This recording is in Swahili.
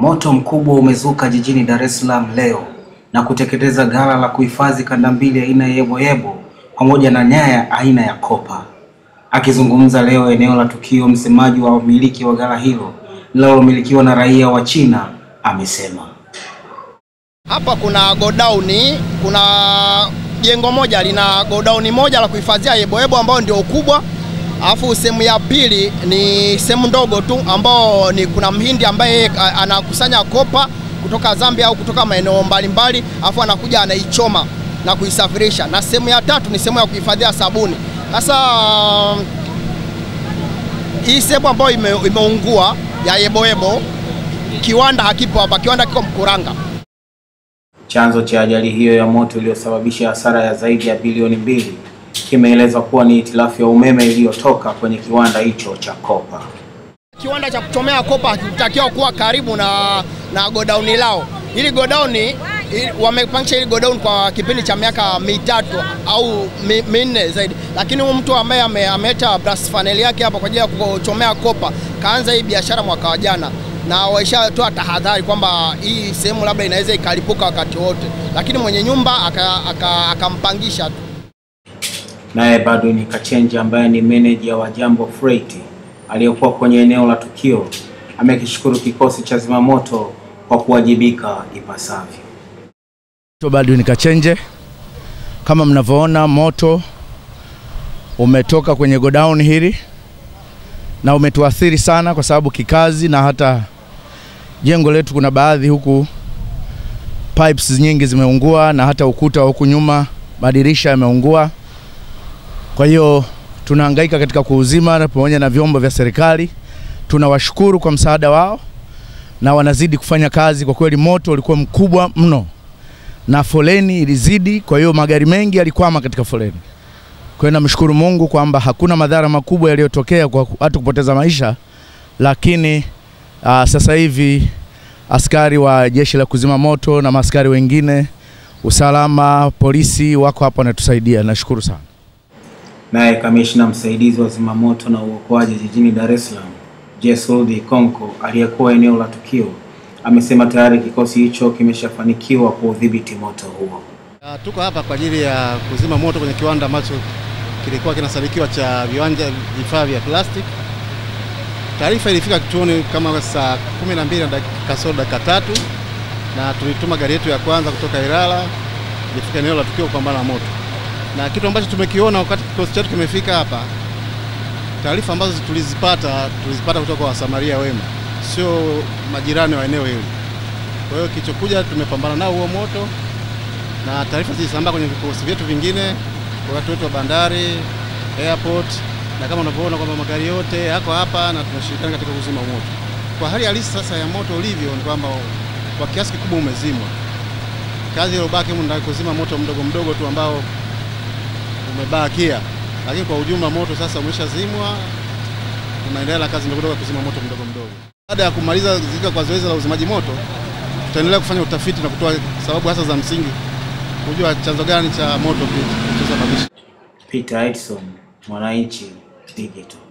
Moto mkubwa umezuka jijini Dar es Salaam leo na kuteketeza ghala la kuhifadhi kanda mbili aina ya yeboyebo pamoja na nyaya aina ya kopa. Akizungumza leo eneo la tukio, msemaji wa wamiliki wa ghala hilo linalomilikiwa na raia wa China amesema hapa kuna godauni, kuna jengo moja lina godauni moja la kuhifadhia yeboyebo ambayo ndio ukubwa Alafu sehemu ya pili ni sehemu ndogo tu ambao ni kuna mhindi ambaye anakusanya kopa kutoka Zambia au kutoka maeneo mbalimbali, alafu anakuja anaichoma na kuisafirisha, na sehemu ya tatu ni sehemu ya kuhifadhia sabuni. Sasa hii sehemu ambayo ime, imeungua ya Yeboyebo, kiwanda hakipo hapa, kiwanda kiko Mkuranga. Chanzo cha ajali hiyo ya moto iliyosababisha hasara ya zaidi ya bilioni mbili kimeelezwa kuwa ni hitilafu ya umeme iliyotoka kwenye kiwanda hicho cha kopa. Kiwanda cha kuchomea kopa hakitakiwa kuwa karibu na, na godown lao. Hili godown wamepangisha hili godown kwa kipindi cha miaka mitatu au minne zaidi, lakini huyu mtu ambaye ame, ameleta brass funnel yake hapa kwa ajili ya kuchomea kopa kaanza hii biashara mwaka wa jana na waishatoa tahadhari kwamba hii sehemu labda inaweza ikalipuka wakati wote, lakini mwenye nyumba akampangisha aka, aka, aka tu naye bado ni Kachenje ambaye ni meneja wa Jambo Freight aliyokuwa kwenye eneo la tukio amekishukuru kikosi cha zimamoto kwa kuwajibika ipasavyo. Bado ni Kachenje, kama mnavyoona moto umetoka kwenye godown hili na umetuathiri sana, kwa sababu kikazi na hata jengo letu, kuna baadhi huku pipes nyingi zimeungua na hata ukuta wa huku nyuma, madirisha yameungua. Kwa hiyo tunahangaika katika kuuzima pamoja na vyombo vya serikali. Tunawashukuru kwa msaada wao na wanazidi kufanya kazi. Kwa kweli moto ulikuwa mkubwa mno na foleni ilizidi, kwa hiyo magari mengi yalikwama katika foleni. Kwa hiyo namshukuru Mungu kwamba hakuna madhara makubwa yaliyotokea kwa watu kupoteza maisha, lakini aa, ah, sasa hivi askari wa jeshi la kuzima moto na maaskari wengine, usalama, polisi wako hapa wanatusaidia. Nashukuru sana. Naye kamishna msaidizi wa zimamoto na uokoaji jijini Dar es Salaam Jesudi Konko aliyekuwa eneo la tukio amesema tayari kikosi hicho kimeshafanikiwa kuudhibiti moto huo. Tuko hapa kwa ajili ya kuzima moto kwenye kiwanda ambacho kilikuwa kinasadikiwa cha viwanja vifaa vya plastic Taarifa ilifika kituoni kama saa kumi na mbili na kasoro dakika tatu na tulituma gari yetu ya kwanza kutoka Ilala ilifika eneo la tukio kupambana na moto na kitu ambacho tumekiona wakati kikosi chetu kimefika hapa, taarifa ambazo tulizipata tulizipata kutoka kwa wasamaria wema, sio majirani wa eneo hili. Kwa hiyo kilichokuja, tumepambana nao huo moto, na taarifa zilisambaa kwenye vikosi vyetu vingine, kwa watu wetu wa bandari, airport, na kama unavyoona kwamba magari yote yako hapa na tunashirikiana katika kuzima moto. Kwa hali halisi sasa ya moto ulivyo ni kwamba kwa kiasi kikubwa umezimwa. Kazi iliyobaki ndio kuzima moto mdogo mdogo tu ambao umebakia, lakini kwa ujumla moto sasa umeshazimwa, tunaendelea na kazi ndogo ndogo kuzima moto mdogo mdogo. Baada ya kumaliza zika kwa zoezi la uzimaji moto, tutaendelea kufanya utafiti na kutoa sababu hasa za msingi kujua chanzo gani cha moto kilichosababisha. Peter Edson, Mwananchi Digital.